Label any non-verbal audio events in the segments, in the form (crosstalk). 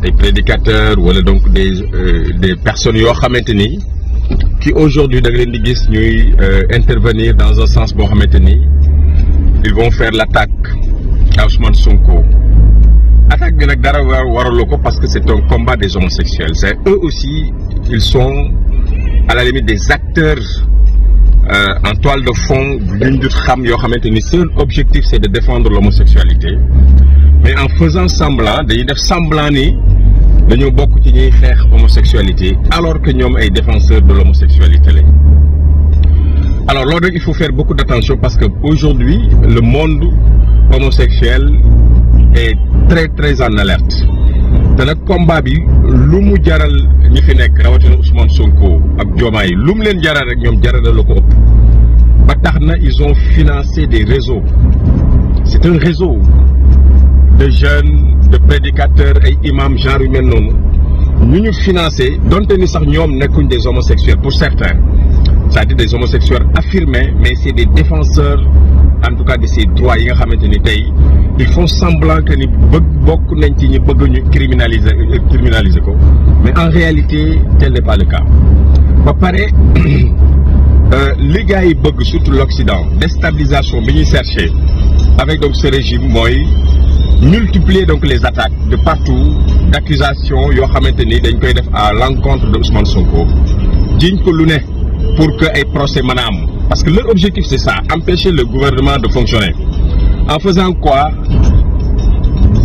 des prédicateurs ou donc des euh, des personnes yoo qui aujourd'hui da nga euh, intervenir dans un sens boo ils vont faire l'attaque à Ousmane Sonko attaque de nag dara parce que c'est un combat des homosexuels c'est eux aussi ils sont à la limite des acteurs euh, en toile de fond d'une xam yo xamanteni seul objectif c'est de défendre l'homosexualité en faisant semblant de def semblant ni dañoo bokk ci l'homosexualité alors que nous sommes défenseurs de l'homosexualité alors là il faut faire beaucoup d'attention parce qu'aujourd'hui le monde homosexuel est très très en alerte dans le combat bi lu mu jaral ñi Ousmane Sonko ak Diomaye lu ils ont financé des réseaux c'est un réseau de jeunes de prédicateurs et imams genre humains nous, nous dont nous sommes des homosexuels pour certains c'est-à-dire des homosexuels affirmés mais c'est des défenseurs en tout cas de ces droits yi ils font semblant que nous ne bokk pas ci criminaliser euh, mais en réalité tel n'est pas le cas pareil que les gars yi surtout l'Occident déstabilisation bi avec donc ce régime Moïse multiplier donc les attaques de partout d'accusations à l'encontre de Ousmane Sonko d'une pour que ay procès Manam parce que leur objectif c'est ça empêcher le gouvernement de fonctionner en faisant quoi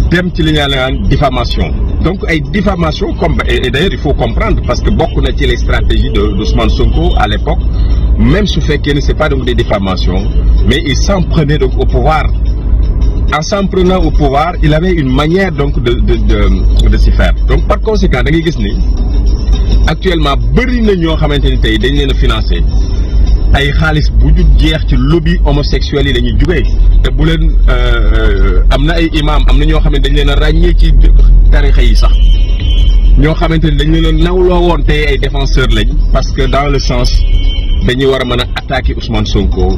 des diffamation donc diffamation comme et d'ailleurs il faut comprendre parce que beaucoup n'étaient les stratégies de d'Ousmane Sonko à l'époque même fait qu'elle ne c'est pas donc des diffamations mais il s'en prenait donc au pouvoir en s'en prenant au pouvoir, il avait une manière donc de, de, de, de s'y faire. Donc par conséquent, da ngay ni actuellement bëri na ñoo xamante ni tey dañ leen a ay xaliss bu ju jeex ci lobby homosexuel yi la jugé jugee te bu len euh, euh amna ay imam amna ño ñoo dañ leena ragné ci tarixa yi sax ño xamante dañ leena nawlo nawloo ay défenseur lañ parce que dans le sens dañuy wara mëna attaquer Ousmane Sonko.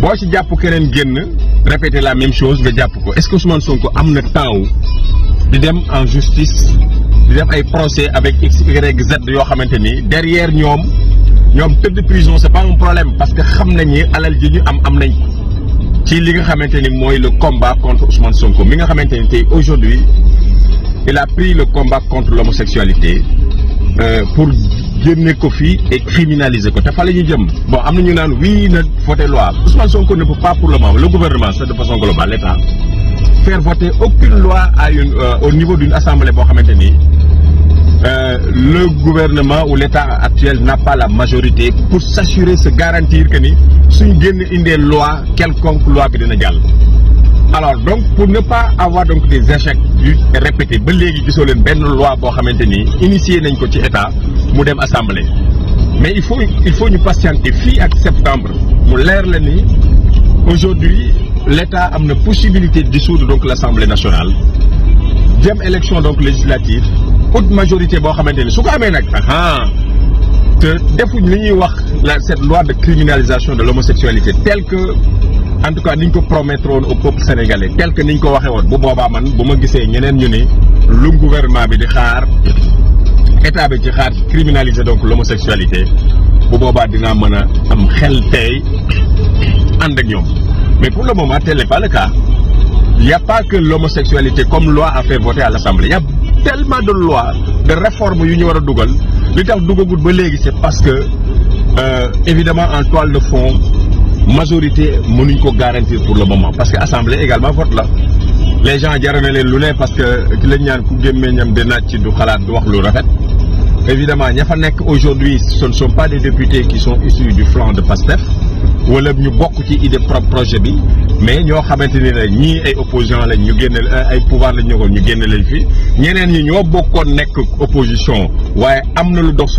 Je ci jàpp keneen la même chose est-ce que Ousmane Sonko a temps en justice de dem ay procès avec x y z derrière prison c'est pas un problème parce que alal le combat contre Ousmane Sonko aujourd'hui il a pris le combat contre l'homosexualité euh, pour génné ko fi et criminaliser ko te fa lañu jëm bon amna ñu naan oui na voté loi Ousmane Sonko ne peut pas pour le moment le gouvernement c'est de façon globale l'État faire voter aucune loi à une euh, au niveau d'une assemblée bo Euh, le gouvernement ou l'État actuel n'a pas la majorité pour s'assurer, se garantir que ni suñu génné une loi quelconque loi bi dina jall alors donc pour ne pas avoir donc des échecs répétés ba léegi gisoo une loi boo xamante ni initié nañ ko ci état mu assemblée mais il faut il faut nous patienter fii à septembre mu l'air l'année aujourd'hui l'état a une possibilité de dissoudre donc l'assemblée nationale Deuxième élection donc législative haute majorité boo xamante ni nous cette loi de criminalisation de l'homosexualité telle que en tout cas niñ ko au peuple sénégalais tel que niñ ko waxé won bu boba man buma gisé ñeneen lu gouvernement bi di xaar état bi ci xaar criminaliser donc l'homosexualité bu boba dina mëna am xel tay mais pour le moment ce n'est pas le cas il n'y a pas que l'homosexualité comme loi a fait voter à l'Assemblée il y a tellement de lois de réformes yu ñu wara a li tax dugagut ba c'est parce que euh, évidemment en toile de fond majorité mënuñ ko garantir pour le moment parce que assemblée également forte là. les gens jar les leen parce que ki lañ ñaan ku de naaj du xalaat du évidemment aujourd'hui ce ne sont pas des députés qui sont issus du flanc de PASTEF wala ñu bokk ci idée propre projet bi mais nous savons ni nous ñii ay opposants nous ñu génne ay pouvoir avons ñëwoon ñu Nous leen beaucoup ñeneen ñi ñoo bokkoon nekk opposition waaye am lu dox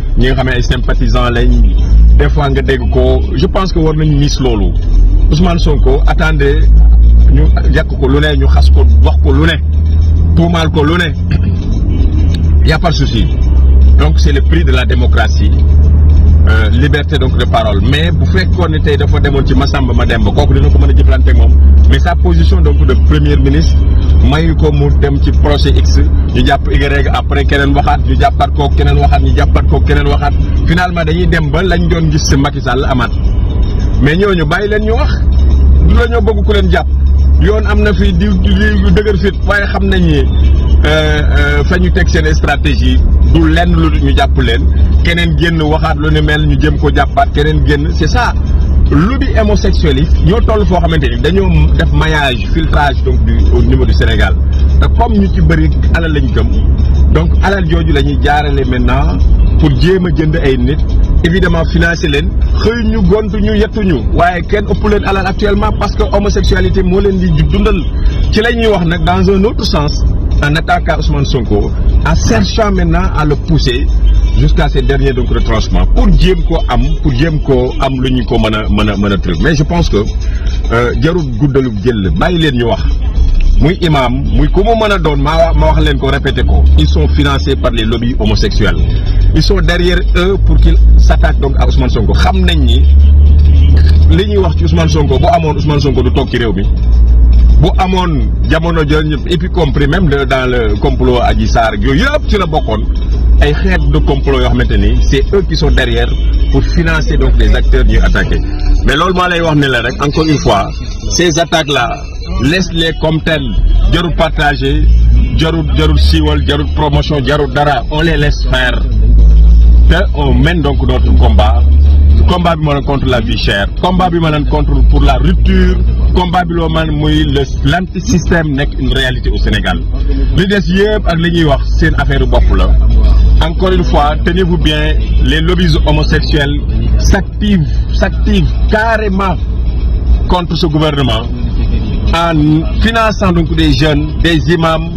ñi nga xamé ay sympathisants lañ des fois nga dégg ko je pense que war nañ miss lolu Ousmane Sonko attendez ñu yàq ko lu ne ñu xass ko wax ko lu ne tuumaal ko lu il (coughs) y a pas de souci donc c'est le prix de la démocratie liberté donc de parole mais bu fekkoon ni tey dafa demoon ci Massamba Mademba kooku dina ko mën a jëflante ak moom mais sa position donc de premier ministre mayu ko mu dem ci projet X ñu jàpp Y après keneen waxaat ñu jàppaat kooku keneen waxaat ñu jàppaat kooku keneen waxaat finalement dañuy dem ba lañ doon gis si Macky Sall amaat mais ñooñu bàyyi leen ñu wax du la ñoo bëgg ku leen jàpp yoon am na fii di di dëgër fit waaye xam nañ ni euh, euh, fa ñu teg stratégie du lenn lu ñu jàpp leen keneen génn waxaat lu ne mel ñu jëm ko jàppaat keneen génn c'est ça lobby homosexuel yi ñoo toll foo xamante ni dañoo def maillage filtrage donc du au niveau du Sénégal te comme ñu ci bëri alal lañ gëm donc alal jooju la ñuy jaarale maintenant pour jéem a jënd ay nit évidemment financer leen xëy ñu gont ñu yettuñu waaye kenn ëpp leen alal actuellement parce que homosexualité moo leen di dundal ci la ñuy wax nag dans un autre sens en attaquant Ousmane Sonko en cherchant maintenant à le pousser jusqu'à ses derniers donc retranchements pour dire quoi, am pour jéem am lu ko mais je pense que euh, jarul Goudalou jël bàyyi leen ñu wax imam Oui, comment on mën a ma wax ko ils sont financés par les lobbies homosexuels ils sont derrière eux pour qu'ils s'attaquent donc à Ousmane Sonko xam nañ ni li wax ci Ousmane Sonko bu amoon Ousmane Sonko du bu amoon jamono et puis compris même dans le complot à Sarr yooyu ci la bokkoon ay de complot eux qui sont derrière pour financer donc les acteurs d'attaquer attaqué mais loolu maa lay wax la rek encore une fois ces attaques là laisse les comme telles jarul partager jarul jarul siiwal jarul promotion jarul dara on les laisse faire on mène donc notre combat combat bi contre la vie chère combat contre pour la rupture combat bi lo man n'est le une réalité au Sénégal li dess yeb ak li affaire de la encore une fois tenez-vous bien les lobbies homosexuels s'activent s'activent carrément contre ce gouvernement en finançant donc des jeunes des imams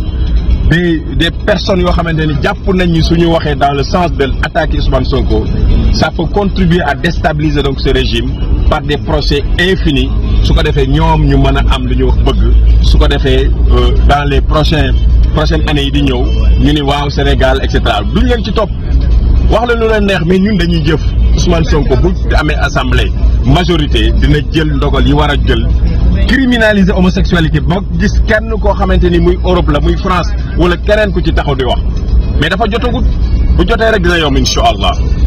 des personnes qui ont fait des dans le sens de attaquer Ousmane Sonko ça peut contribuer à déstabiliser donc ce régime par des procès infinis su ko defee ñu mën am lu ñu bëgg euh, dans les prochains prochaines années yi di ñëw ñu ni waaw Sénégal etc. cetera duñ leen ci topp wax la lu leen neex mais ñun dañuy jëf Ousmane Sonko bu amé assemblée majorité dina jël ndogal yi wara jël criminaliser homosexualité ba gis kenn ko xamante muy Europe la muy France wala keneen ko ci taxaw di wax mais dafa jotagut bu jotee rek dina yomb inshallah